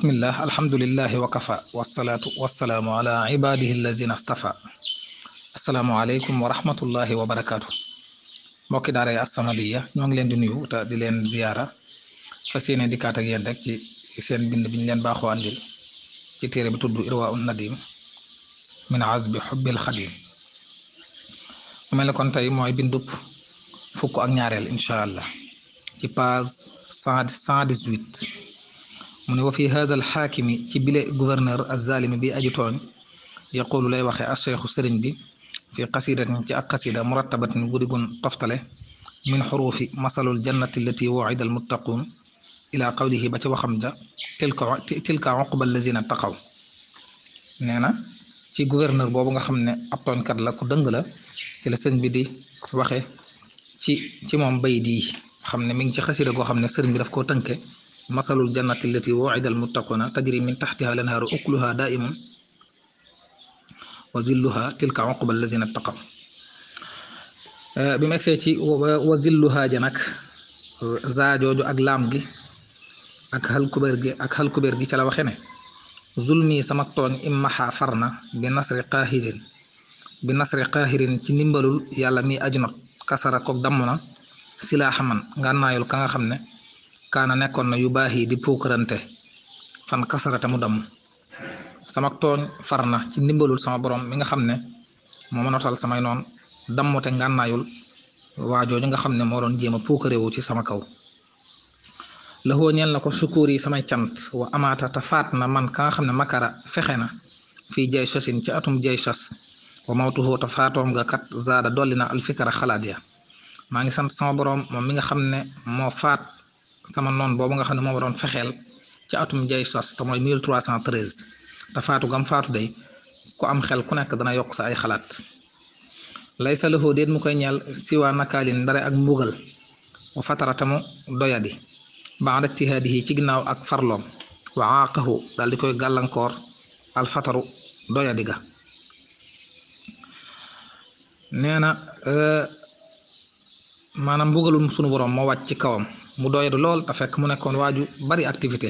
bismillah alhamdulillahi wa kafa wasalaatu wasalaamu ala ibadihi allazina astafa asalaamu aleykum wa rahmatullahi wa barakaatu mbokki daara yi assamaliya ñoo ngi leen di nuyu te di leen ziyaara fas yéene dikkaat ak yéen rek ci seen bind bi ñu leen baaxoo andil ci téere bi tudd irwa un nadim min azbi xubbil xadim mu mel ne kon tey mooy bindub fukk ak ñaareel incha allah ci page cent dix-huit mu ne wa fi hada al ci bile gouverneur azalimi bi aju tooñ yaqulu lay waxee acheikhu sëriñ bi fi qasidatin ci ak qasida murattabatin gudigun toftale min xuruufi masalul jannati allati wucida almuttaquun ilaa qawlihi ba ca waxam ja tilka tilka uqba allazina taqaw nee na ci gouverneur boobu nga xam ne ab tooñkat la ku dëng la ci la sëriñ bi di waxe ci ci moom bayit di xam ne mi ngi ci xasida goo xam ne sëriñ bi daf koo tënke masalul jannati allati wu'ida almuttaquuna tajri min taxtiha lanhaaru ukluha daimun wa zilluha tilka uqba allazina ttaqaw bi mu wa zilluha ja nag ak laam gi ak xalkubeer gi ak gi ca la waxe ne zulmi sama tooñ immaxa far na bi nasri qaahirin bi nasri qaahirin ci ndimbalul yàlla mi aju not kasara koog damm na silaaxa man ngànnaayul ka nga xam kaana nekkoon na yu baax yi di puukarante fan kasarate mu damm sama tooñ far na ci ndimbalul sama borom mi nga xam ne moo ma notal samay noon dammute ngànnaayul waa jooju nga xam ne moo doon jéem a puukarewu ci sama kaw laxoo ñeel ko sukuur yi samay cant wa amaata ta faat na man ka nga xam ne makara fexe na fii jay sosin ci atum jay sos wa mawtuhoo te faatoom nga kat zaada dolli na alfikara xalaat ya maa sama borom moom mi nga xam ne moo faat sama noon boobu nga xam ne moo waroon fexeel ci atum jay sos te mooy 1313 te faatu gam faatu day ku am xel ku nekk dana yokk sa ay xalaat lay sa loxo déet mu koy ñeel siwaa nakaalin dara ak mbugal wa fataratamu doyadi ba'da ijtihaadihi ci ginnaaw ak farloom wa aaqahu daal di koy gàllankoor alfataru doyadi ga nee na euh, maanaam mbugalum sunu borom moo wàcc ci kawam mu doyadu lool te fekk mu nekkoon waaju bari activité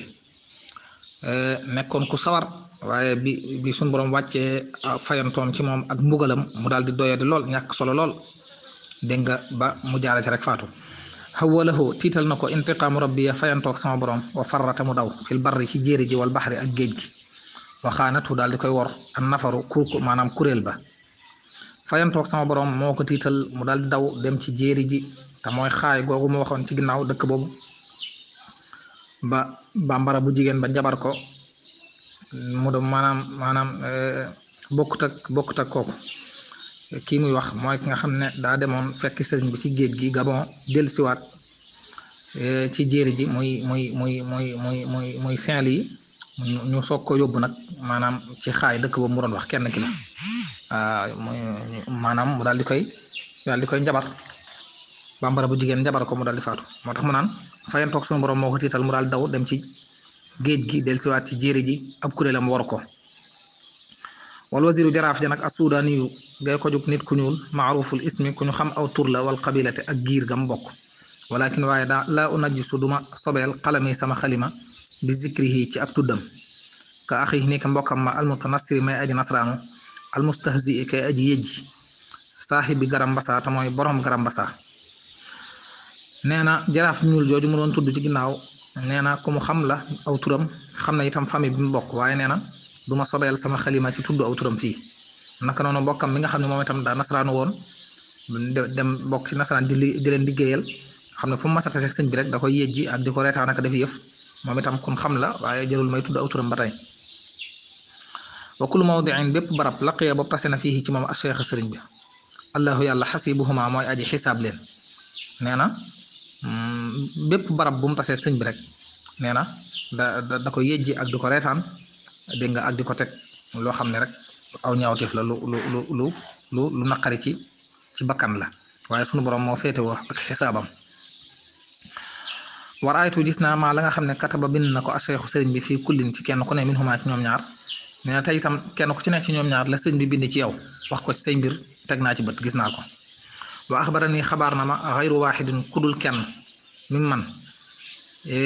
eh, nekkoon ku sawar waaye bi bi suñ borom wàccee ah, fayantoom ci moom ak mbugalam mu daal di doyadi lool ñàkk solo lool dégg nga ba mu jaara ci rek faatu xawalahu tiital na ko intiqaamu rabbi ya fayantoog sama borom wa farrata mu daw fil barri ci jéeri ji wal baxri ak géej gi waxaanatu daal di koy wor an nafaru kur maanaam kuréel ba fayantoog sama borom moo ko tiital mu daal di daw dem ci jéeri te mooy xaay googu ma waxoon ci ginnaaw dëkk boobu ba bambara bu jigéen ba jabar ko mu doon maanaam maanaam eh, bokkut ak bokkut ak kooku kii muy wax mooy ki nga xam ne daa demoon fekk sëriñ bi ci géej gi Gabon dellusiwaat eh, ci jéeri ji muy muy muy muy muy muy muy Saint-Louis ñu soog ko yóbbu nag maanaam ci xaay dëkk boobu mu doon wax kenn ki la ah, muy maanaam mu daal di koy daal di koy njabar bambara bu jigéen njabar ko mu daal di faatu moo tax mu naan fayen toog suñu borom moo ko tiital mu daal daw dem ci géej gi dellusiwaat ci jéeri ji ab kuréelam war ko wal wasiru jaraaf ja nag asudaani yu ngay ko nit ku ñuul maaruful ismi ku ñu xam aw tur la wal qabilate ak giir gam bokk walakin waaye daa laa unajjisu duma sobeel xalami sama xalima bi zikrihi ci ab tuddam ka axi ni ka mbokkam ma almutanassiri may aji nasraanu almustahzi kay aji yëjji nee na jaraaf ñuul jooju mu doon tudd ci ginnaaw nee na ku mu xam la aw turam xam na itam famille bi mu waaye nee na du ma sobeel sama xalima ci tudd aw fii naka noonu bokkam mi nga xam ne moom itam daa nasaraanu woon dem mbokk ci nasaraan di di leen liggéeyal xam ne fu mu masata seeg sëñ bi rek da koy yejji ak di ko reetaan ak def yëf moom itam ku xam la waaye jarul may tudd aw turam ba tey wa kullu mawdiin bépp barab laqiya boobu tase na fii ci moom ak cheikh sëriñ yàlla xasibuhuma mooy aji xisaab na Mm, bépp barab bu mu tasee sëñ bi rek nee na da da ko yejji ak di ko reetaan dégg nga ak di ko teg loo xam ne rek aw ñaawteef la lu lu lu lu lu naqari ci ci bakkan la waaye sunu borom moo féete wa ak xisaabam war aytu gis naa maa la nga xam ne kataba bind na ko aseexu sëriñ bi fii kullin ci kenn ku ne min xumaa ci ñoom ñaar nee na itam kenn ku ci ne ci ñoom ñaar la sëñ bi bind ci yow wax ko ci say mbir teg naa ci bët gis naa ko wa axbarani xabaar na ma xayru waaxidin kudul kenn min man e,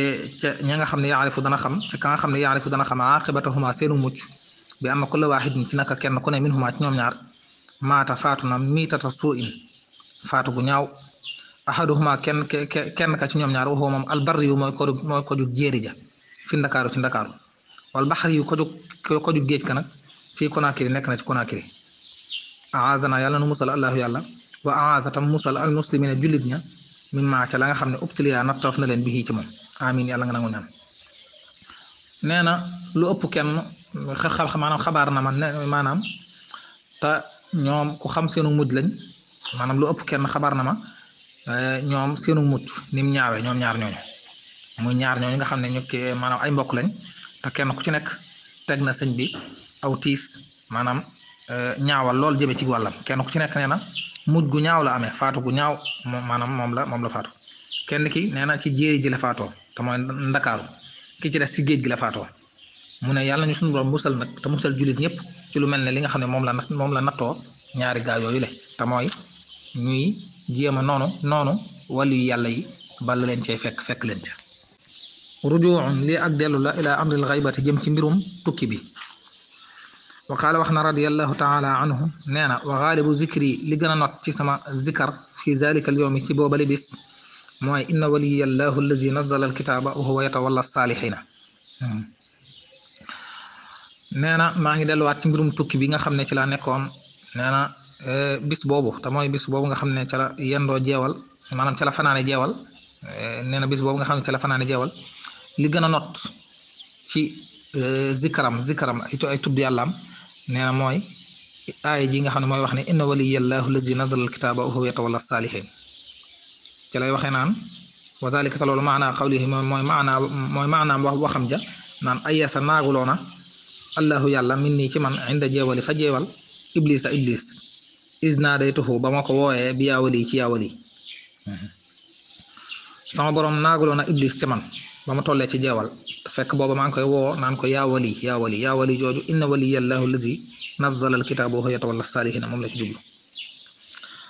ca ña nga xam ne fu dana xam ca ka nga xam ne yaarifu dana xam aqibatahuma seenu mucc bi am kulla waaxidin ci naka kenn ku ne minhuma ci ñoom ñaar maata faatu na miitata suu in faatu gu ñaaw ahaduhuma kenn kenn ka ci ñoom ñaar waxoo moom albarri mooy ko mooy ja fi ndakaaru ci ndakaaru wal baxari yu ko géej ka nag fii Conakry nekk na ci Conakry aadana yàlla nu musal allahu yàlla wa tam musal al muslimina jullit ña na maa ca la nga xam ne ubtiliyaa nattoof na leen bi ci moom amin yàlla nga nangu ñaan na lu ëpp kenn xa maanaam xabaar na ma ne maanaam te ñoom ku xam seenu mujj lañ maanaam lu ëpp kenn xabaar na ma ñoom seenu mujj ni ñaawee ñoom ñaar ñooñu muy ñaar ñooñu nga xam ne ñu maanaam ay mbokk lañ te kenn ku ci nekk teg na sëñ bi aw tiis maanaam euh, ñaawal lool jëme ci wàllam kenn ku ci nekk nee na. mujj gu ñaaw la amee faatu gu ñaaw moom maanaam moom la moom la faatu kenn ki nee na ci jéeri ji la faatoo te mooy ndakaaru ki ci des si géej gi la faatoo mu ne yàlla ñu suñu borom musal nag te musal jullit ñëpp ci lu mel ne li nga xam ne moom la moom la nattoo ñaari gaa yooyu le te mooy ñuy jéem a noonu noonu wàllu yàlla yi bala leen cee fekk fekk leen ca rujuun lii ak dellu la ilaa amril xaybati jëm ci mbirum tukki bi wa qaala wax na radiallahu taala anhu nee na wa xaalibu zikri li gën a not ci sama zikar fi zalika al yowmi ci boobali bis mooy inna waliya allahu allazi nazala alkitaaba wa huwa na maa ngi delluwaat ci mbirum tukki bi nga xam ne ci laa nekkoon nee na eh, bis boobu te mooy bis boobu nga xam ne ci la yendoo jeewal maanaam ci la fanaane jeewal eh, nee na bis boobu nga xam ne ci la fanaane jeewal li gën a not ci eh, zikaram zikaram ay tudd yàllaam nee mooy aaya ji nga xam ne mooy wax ne inna waliyallahu lazi nazala alkitaaba wa huwa yatawalla saalihin ci lay waxee naan wa zalika te loolu maanaa xawlihi mooy maanaa mooy maanaam wax waxam ja naan ayasa naaguloona allahu yàlla min ci man inda jeewali fa jeewal iblisa iblis isna tuxu ba ma ko wooyee bi yaawali ci yaawali mm-hmm. sama borom naaguloona iblis ci man ba ma tollee ci jeewal fekk booba maa ngi koy woo naan ko yaa wali yaa wali yaa wali jooju inna waliyallahu lazi nazzala alkitaaba wa huwa yatawalla saalihiina moom la ci jublu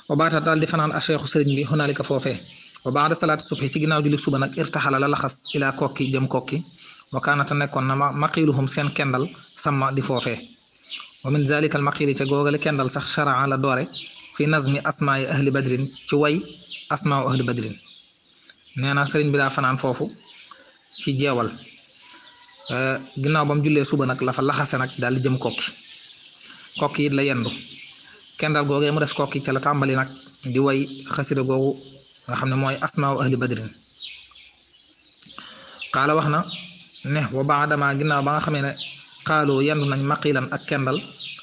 wa baata daal di fanaan a cheikhu sëriñ bi hunaalika foofee wa baada salaati subhi ci ginnaaw julli suba nag irtaxala la laxas ilaa kokki jëm kokki wa kaanata nekkoon na maqiiluhum seen kendal sàmma di foofee wa min zalika almaqiili ca googale kendal sax charaa la doore fi nazmi asmaai ahli badrin ci way asmaau ahli badrin na sëriñ bi daa fanaan ci jeewal euh, ginnaaw ba mu suba nag lafa laxase nag daal di jëm kokki kokki it la yendu kendal googee mu def kokki ca la tàmbali nag di way xasida googu nga xam ne mooy asmaaw ahli badrin xaala wax na ne wa baadama ginnaaw ba nga xamee ne xaaloo yendu nañ maqilan ak kendal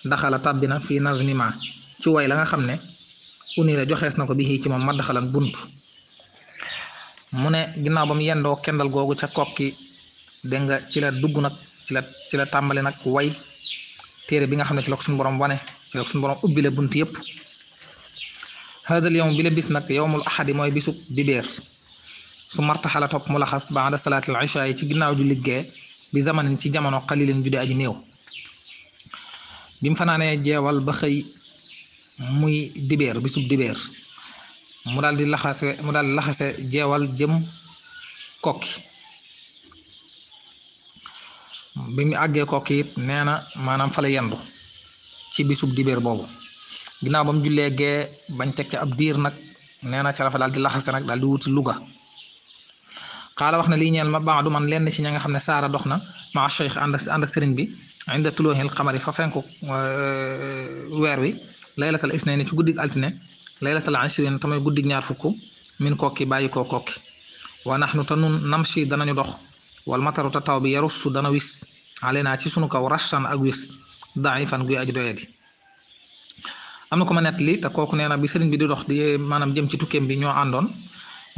daxala tàbbina fii nazmima ci way la nga xam ne uni la joxees na ko bi ci moom maddaxalan bunt mu ne ginnaaw ba mu yendoo kendal googu ca kokki dégg nga ci la dugg nag ci la ci la tàmbali nag way téere bi nga xam ne ci la ko suñu borom wane ci la ko suñu borom ubbile bunt yëpp haadal yowm bi la bis nag yowmul axadi mooy bisub dibéer su martaxala topp mu laxas baada salaatil isha yi ci ginnaaw ju liggéey bi zamanin ci jamono xalilin jude aji néew bi mu fanaanee jeewal ba xëy muy dibéer bisub dibéer mu daal di laxase mu daal di laxase jeewal jëm kokki bi muy àggee kokki it nee na maanaam fa la yendu ci bisub dibéer boobu ginaaw ba mu jullee gee bañ teg ca ab diir nag nee na ca la fa daal di laxase nag daal di wuti Louga xaala wax na lii ñeel ma baadu man lenn ci ña nga xam ne saara dox na ma cheikh ànd ak ànd ak sëriñ bi inda tulooxil xamari fa fenku euh, weer wi laylatal isnayni ci guddi altine laylatal ashrin tamay guddig ñaar fukk min kokki bàyyi koo kokki wa nahnu te nun namshi danañu dox wal mataru te taw bi yarussu dana wis alenaa ci sunu kaw rashan ak wis daifan guy aji doyadi am na ko ma nettali te kooku nee na bi sëriñ bi di dox di maanaam jëm ci tukkeem bi ñoo andoon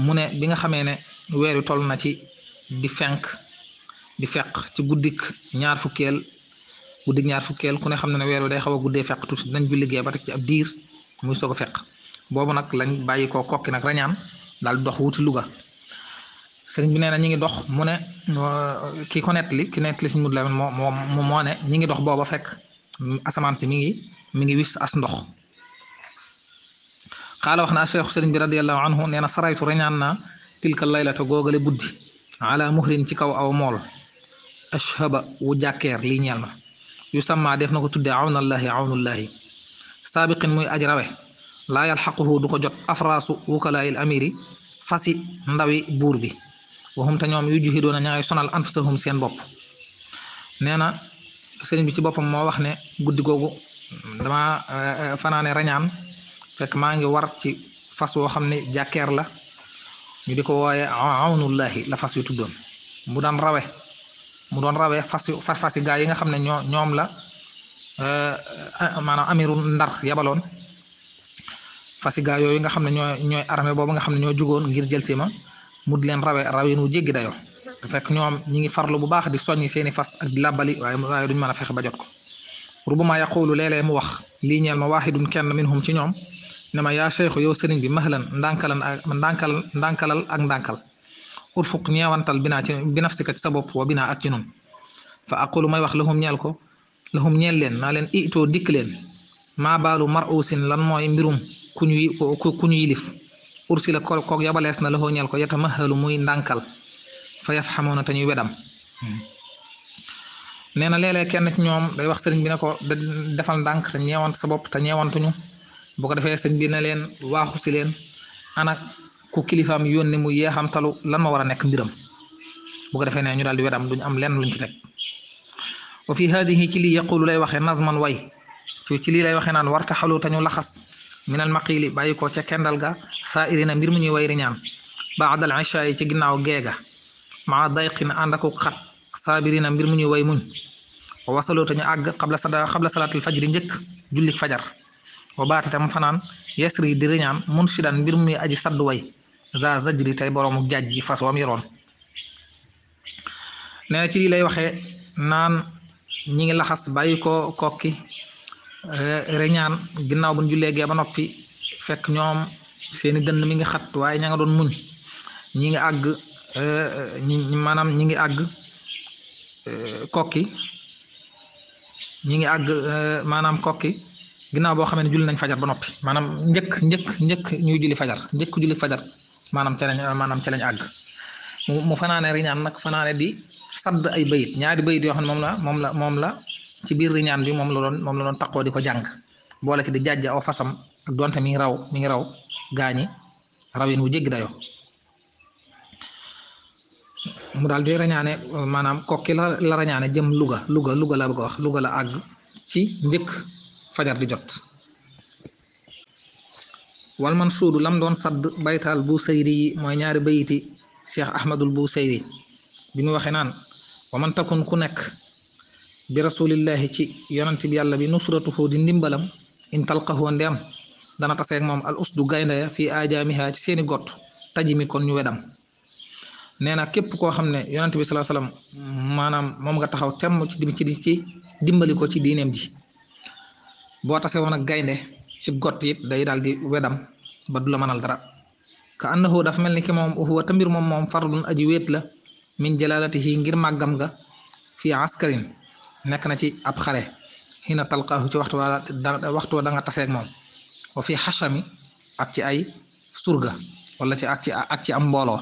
mu ne bi nga xamee ne weeru wi toll na ci di fenk di feq ci guddik ñaar fukkeel guddik ñaar fukkeel ku ne xam ne ne weer wi day xaw a guddee feq tuuti dinañ julli gee ba teg ci ab diir muy soog a boobu nag lañ bàyyi ko kokki nag rañaan daal dox wuti luga sëriñ bi nee na ñu ngi dox mu ne euh, ki ko nettali ki nettali sëriñ Mudu Lamin moo moo ne ñu ngi dox booba fekk asamaan si mi ngi mi ngi wis as ndox xaala wax na cheikh sëriñ bi radiallahu anhu nee na saraytu rañaan naa tilka laylata googale buddi ala muhrin ci kaw aw mool ashhaba wu jàkkeer lii ñeel ma yu sammaa def na ko tuddee awnallahi awnullahi saabiqin muy aj laa yalxaquhu du ko jot afraasu wukalaayil amiri fasi ndawi buur bi waxum te ñoom yu juxi doona ña ngay sonal anfusahum seen bopp nee na sëriñ bi ci boppam moo wax ne guddi googu dama eh, fanaane rañaan fekk maa ngi war ci fas woo xam ne jàkkeer la ñu di ko wooye awnullahi la fas witu tuddoon mu daan rawe mu doon rawe fas yu fas fasi yi nga xam ne ñoo ñoom la eh, eh, maanaam amiru ndar yabaloon fasiga yooyu nga xam ne ñooy ñooy boobu nga xam ne ñoo jugoon ngir jël si ma mu di leen rawee rawee nu jéggi fekk ñoom ñi ngi farlu bu baax di soññi seeni fas ak di làbbali waaye waaye duñ mën a fexe ba jot ko rubuma yaqulu léeg-léeg mu wax lii ñeel ma waaxidun kenn minhum ci ñoom ne ma yaa cheikhu yow sëriñ bi mahlan ndànkalan ak ndànkal ndànkalal ak ndànkal urfuq ñeewantal binaa ci binafsika ci sa bopp wa binaa ak ci may wax lahum ñeel ko lahum ñeel leen naa leen itoo dikk leen maa baalu mar usin lan mooy mbirum ku ñu ku ñu yilif ursila ko koog yabalees na loxoo ñal ko yatamahalu muy ndànkal fa yaf xamoon na te ñuy wedam nee na léeg kenn ñoom day wax sëriñ bi ne ko defal ndànk te ñeewant sa bopp te ñeewantuñu bu ko defee sëriñ bi ne leen waaxu si leen anak ku kilifaam yónni mu yeexam talu lan ma war a nekk mbiram bu ko defee nee ñu daal di wedam duñ am lenn luñ ci teg wa fi haadihi ci li yaqulu lay waxee nazman way ci lii lay waxee naan warta xalu te laxas minal maqiili bàyyi ko ca kendal ga saa mbir mu ñuy wayri ñaan baadal isha yi ci ginnaaw geega maa dayqin ànd ak xat saabirina mbir mu ñuy way muñ wa wasaloo te ñu àgg xabla sada xabla salaatil fajri njëkk jullik fajar o baata tam fanaan yesri di riñaan mun si daan mbir muy aji saddu way za zajri tey boroomu jaaj ji fas wam yoroon ci lay waxee naan ñi ngi laxas bàyyi ko kokki reñaan ginaaw bu ñu jullee gee ba noppi fekk ñoom seeni dënn mi ngi xat waaye ña nga doon muñ ñi ngi àgg eh, eh, ñi maanaam ngi àgg eh, kokki ñi ngi àgg maanaam kokki ginnaaw boo xamee ne julli nañ fajar ba noppi maanaam njëkk njëkk njëkk ñuy julli fajar njëkk julli fajar maanaam ca lañ maanaam ca lañ àgg mu fanaane riñaan nag fanaane di sadd ay bayit ñaari bayit yoo xam ne moom la moom la moom la ci biir riñaan bi moom la doon moom la doon taqoo di ko jàng boole ci di jàjj aw fasam ak donte mi ngi raw mi ngi raw gaañi rawin wu jéggi dayoo mu daal di rañaane maanaam kokki la la jëm luga Louga Louga la bëgg wax luga la àgg ci njëkk fajar di jot wal man suudu lam doon sadd baytaal bu sayri mooy ñaari bayiti cheikh ahmadul bu sayri bi mu waxee naan wa man takun ku nekk bi rasulillahi ci yonent bi yàlla bi nusratuhu di ndimbalam in talqahu ndeem dana taseeg moom al usdu gaynde ya fii ajaamiha ci seeni gott taji mi kon ñu wedam nee na képp koo xam ne yonent bi salaa salaam maanaam moom nga taxaw temm ci ci ci dimbali ko ci diineem ji boo tase woon ak gaynde ci gott it day daal di wedam ba du la mënal dara ka annahu dafa mel ni ki moom uhuwa tambir moom moom fardun aji wéet la min jalaalatihi ngir màggam nga fii askarin nekk na ci ab xale xiina talqaahu ci waxtu waa waxtu da nga taseeg moom wa fi xashami ak ci ay surga wala ci ci ak ci am mbooloo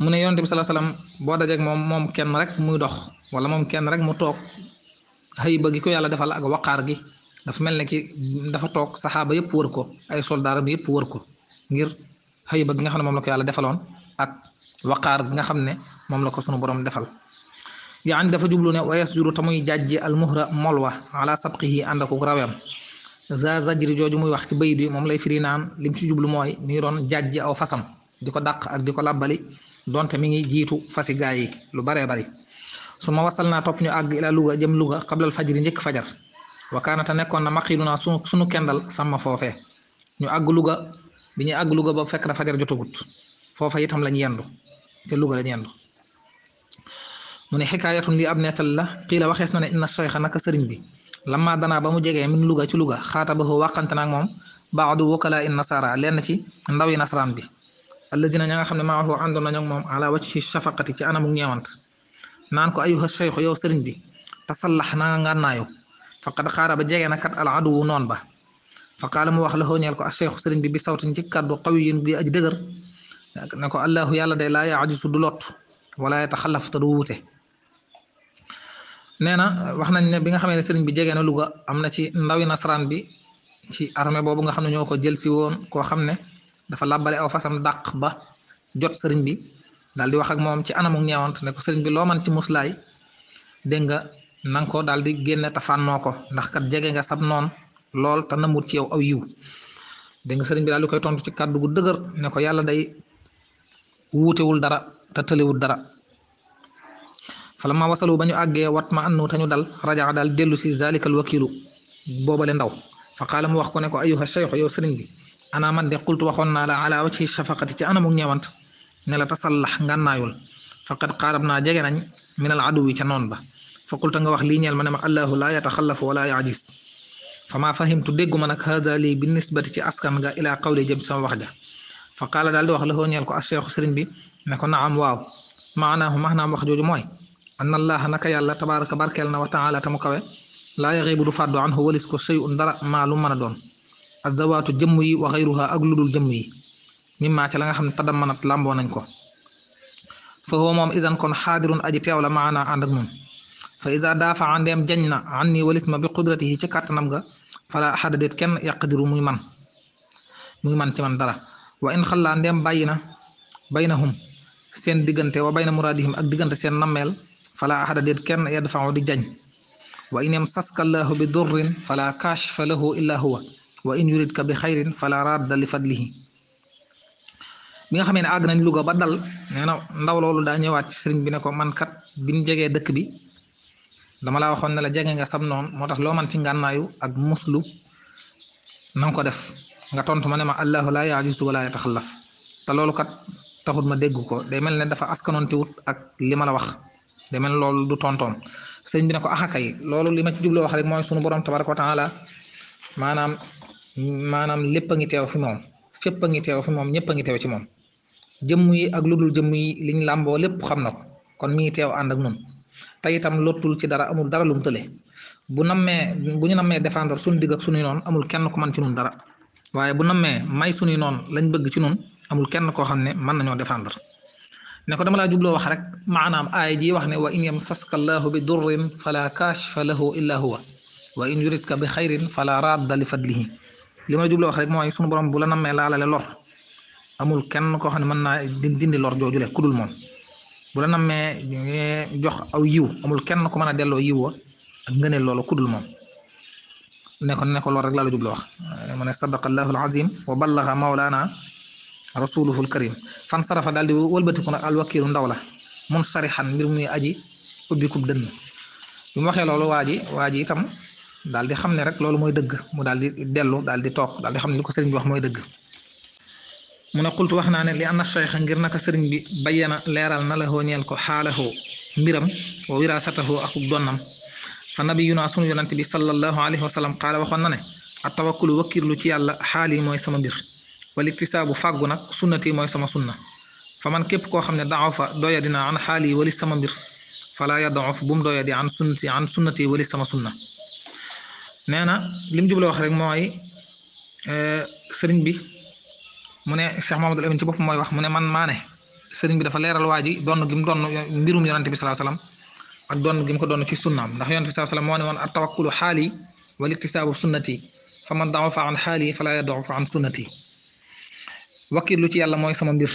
mu ne yonent bi salaa salaam boo dajeeg moom moom kenn rek muy dox wala moom kenn rek mu toog xëyba gi ko yàlla defal ak waqaar gi dafa mel ne ki dafa toog saxaaba yëpp wër ko ay soldaaram yëpp wër ko ngir xëyba gi nga xam ne moom la ko yàlla defaloon ak waqaar gi nga xam ne moom la ko sunu borom defal yaan dafa jublu ne wa yasjuru tamuy jàjji almuhra al ala sabqihi ànd akuk rawem za zajri jooju muy wax ci bayit bi moom lay firi naan lim ci jublu mooy mi ngi doon jàjji aw fasam di ko dàq ak di ko làbbali donte mi ngi jiitu fasi gaay yi lu baree bari su ma wasal naa topp ñu àgg ila Louga jëm Louga xablal fajri njëkk fajar wakaanata nekkoon na ma maqiidu naa sunu sunu kendal sama foofee ñu àgg Louga bi ñu àgg Louga ba fekk na fajar jotagut foofa itam lañ yendu te Louga lañ yendu mu ne xikaayatun li ab nettal la xiila waxees na ne inna soyxa naka sëriñ bi lamma danaa ba mu jegee min Louga ci Louga xaata ba waxante na ak moom baadu wakala in nasara lenn ci ndaw yi nasaraan bi allazina ña nga xam ne maa waxoo àndoon nañu ak moom ala wacci shafaqati ci anamu ñeewant naan ko ayuha soyxu yow sëriñ bi tasallax na nga ngànnaayu faqad xaara ba jegee na kat al aduwu noon ba fa qaala mu wax la xooñeel ko a soyxu sëriñ bi bi sawtin ci kàddu qawiyin bi aji dëgër ne ko allahu yàlla day laa yajisu du lot wala yataxallaf te du wuute nee na wax nañ ne bi nga xamee ne sëriñ bi jege na luga am na ci ndawi nasaraan bi ci armée boobu nga xam ne ñoo ko jël si woon koo xam ne dafa làbbale aw fasam dàq ba jot sëriñ bi daal di wax ak moom ci anamu ñeewant ne ko sëriñ bi loo man ci muslaay dégg nga na ko daal di génne te fànnoo ko ndax kat jege nga sab noon lool te namut ci yow aw yiw dégg nga sëriñ bi daal di koy tontu ci kàddu gu dëgër ne ko yàlla day wuutewul dara te tëlewul dara falamma wasalu ba ñu àggee wat ma annu tañu dal rajaa daal dellu si zalikal wakilu boobale ndaw fa qaala mu wax ko ne ko ayuha cheikh yow sëriñ bi ana man de qultu waxoon naa la ala wajhi shafaqati ci anamu ñeewant ne la tasallax ngànnaayul faqad qaarab naa jege nañ minal aduwi ca noon ba fa qulta nga wax lii ñeel ma ne ma allahu laa yataxallafu wala yaajis fa maa fahimtu dégguma nag haada lii bi nisbati ci askan ga ilaa qawli jëm sama wax ja fa qaala daal di wax la ñeel ko a cheikh sëriñ bi ne na naam waaw maanaahu maanaam wax jooju mooy anna allaha naka yàlla tabaraka barkeel na wa taala ta mu kawe laa yaxibu du fàddu anhu walis ko sëy un dara maa lu mën a doon azzawaatu jëmm yi wa xayruha ak lu dul jëmm yi mimmaa ca la nga xam ne tadam manat làmboo nañ ko fa huwa moom isan kon xaadirun aji teew la ma ànd ak nun fa isa daafa andeem jañ na an nii walis ma bi qudratihi ci kàttanam ga fala axada déet kenn yaqdiru muy man muy man ci man dara wa in xallaa ndeem bàyyi na baynahum seen diggante wa bayna muraadihim ak diggante seen nammeel fala ahada déet kenn yadfau di jañ wa in yamsaska llaahu bi durrin fala kaashfa lahu illa huwa wa in yuridka bi xayrin fala radda li fadlihi bi nga xamee ne àgg nañ Louga ba dal nee ndaw loolu daa ñëwaat ci bi ne ko man kat biñ jegee dëkk bi dama laa waxoon ne la jege nga sam noonu moo tax loo man ci ngànnaayu ak muslu na ko def nga tontu ma ne ma allahu laa yaajisu wala yataxallaf te loolu kat taxut ma dégg ko day mel ne dafa askanoonte wut li ma la wax day loolu du tontoom sëñ bi ne ko axakay loolu li ma ci jubloo wax rek mooy sunu borom tabaraka wa taala maanaam maanaam lépp a ngi teew fi moom fépp ngi teew fi moom ñëpp a ngi teew ci moom jëmm yi ak lu dul jëmm yi liñ làmboo lépp xam na ko kon mi ngi teew ànd ak nun te itam lottul ci dara amul dara lu bu nammee bu ñu nammee défendre suñu digg ak suñuy amul kenn ko mën ci nun dara waaye bu nammee may suñuy noonu lañ bëgg ci nun amul kenn koo xam ne mën nañoo défendre ne ko dama laa jubloo wax rek maanaam aaya ji wax ne wa in yamsaska allahu bi durrin fala kaashfa lahu illa huwa wa in yuridka bi xayrin fala radda li fadlihi li ma la jubloo wax rek mooy sunu borom bu la nammee laalale lor amul kenn koo xam ne mën naa dindi lor jooju le kudul moom bu la nammee jox aw yiw amul kenn ko mën a delloo yiw wa ak ngëneel loolu kudul moom ne ko ne ko lor rek laa la jubloo wax mu ne allahu alazim wa ballaga mawlaana rasuluhul karim fan sarafa daal di wëlbatiku nag alwakiilu ndaw la mun sarixan mbir muy aji ubbi kub dënn bi mu loolu waa ji waa ji itam daal di xam ne rek loolu mooy dëgg mu daal di dellu daal di toog daal xam li ko sëriñ bi mooy dëgg mu wax naa ne li anna ngir naka sëriñ bi bayyana leeral na la ñeel ko xaalahoo mbiram wa a ak donnam fa nabiyuna sunu yonante bi sallallahu alayhi wa qaala waxoon na ne at tawakkulu wakkirlu ci yàlla xaal mooy sama mbir wala iktisaabu fàggu nag sunnati mooy sama sunna fa man képp koo xam ne daaw fa doya dina an xaali wali sama mbir falaa yadaof bu mu doya di an sunnati an sunnati wali sama sunna nee na li mu jubla wax rek mooy eh, sëriñ bi mu ne Cheikh Mamadou Amin ci bopp wax mu ne man maa ne sëriñ bi dafa leeral waa ji mu donn mbirum yonante bi salaa salaam ak donn gi mu ko donn ci sunnaam ndax yonante bi salaa salaam moo ne woon at tawakkulu xaali wal iktisaabu sunnati fa man daaw fa an xaali falaa yadaof an sunnati wakkilu ci yàlla mooy sama mbir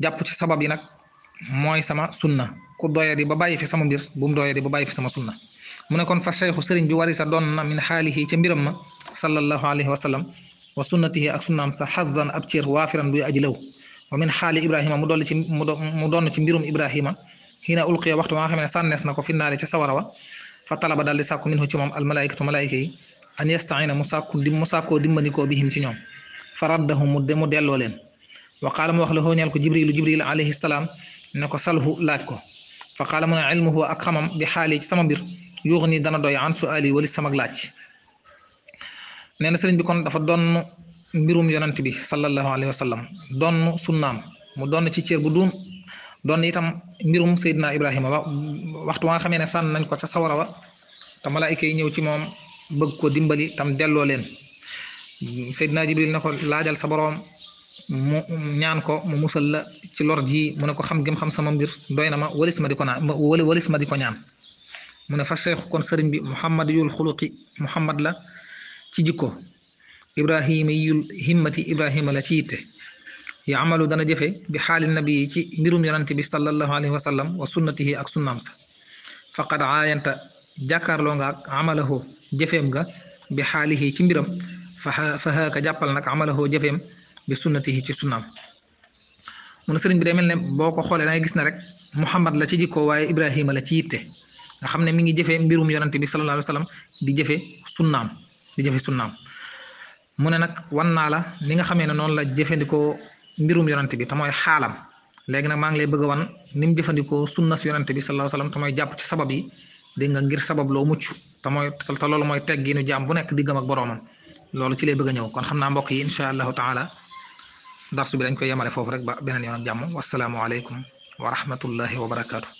jàpp ci sabab yi nag mooy sama sunna ku doyadi ba bàyyi fi sama mbir bu mu doyadi ba bàyyi fi sama sunna mu ne kon fa cheikhu sëriñ bi warisa doon na min xaalihi ca mbiram ma sallallahu alayhi wa sallam wa sunnatihi ak sunnaam sa xazan ab cër waafiran buy aji law wa min xaali ibrahima mu dolli ci mu doon ci mbirum ibrahima xiina ulqiya waxtu waa nga xam ne sànnees na ko fi naare ca sawara wa fa talaba daal di sàkku minhu ci moom almalaikatu malaayika yi an yastaina mu sàkku di mu sàkkoo dimbandikoo bihim ci ñoom faraddahu mu mu delloo leen wa qaala mu wax la ñeel ko jibrilu jibril alayhi salaam ne ko salhu laaj ko fa qaala a ne ilmuhu ak xamam bi xaali ci sama mbir yuux nii dana doy an suali wali sama laaj nee na sëriñ bi kon dafa doon mbirum yonant bi sallallahu alayhi wa sallam doon sunnaam mu doon ci cër bu duum doon itam mbirum Seydina Ibrahima wa waxtu waa xamee ne sànn nañ ko ca sawara wa te malaayika yi ñëw ci moom bëgg ko dimbali tam delloo leen. Seydina Jibril ne ko laajal sa boroom ñaan ko mu musal la ci lor ji mu ne ko xam gëm xam sama mbir doy na ma walis ma di ko ñaan mu ne fa seexu kon sëriñ bi Muhammad yul xuluqi Muhammad la ci jikko Ibrahima yul himmati Ibrahima la ci yitte yaamalu dana jëfe bi xaali nabi ci mbirum yonante bi sallallahu alayhi wa sallam wa sunnatihi ak sunnaam sa faqad aayanta jàkkaarloo nga ak amalahu jëfeem nga bi xaalihi ci mbiram fa faxaaka jàppal nag amalahu jëfeem bi sunnatihi ci sunnaam mu ne sëriñ bi day mel ne boo ko xoolee da ngay gis na rek Muhammad la ci jikko waaye Ibrahima la ci yitte nga xam ne mi ngi jëfee mbirum yonante bi sallallahu alayhi wa sallam di jëfe sunnaam di jëfe sunnaam mu ne nag wan naa la ni nga xamee ne noonu la jëfandikoo mbirum yonante bi te xaalam léegi nag maa ngi lay bëgg wan ni mu jëfandikoo sunnas yonante bi sallallahu alayhi wa sallam te mooy jàpp ci sabab yi dégg nga ngir sabab loo mucc te mooy te loolu mooy tegginu jaam bu nekk diggam ak boroomam loolu ci lay bëgg ñëw kon xam na mbokk yi incha allahu taala darsu bi dañ koy yemale foofu rek ba beneen yoon ak jàmm wasalaamualeykum wa rahmatullahi wa barakaatu.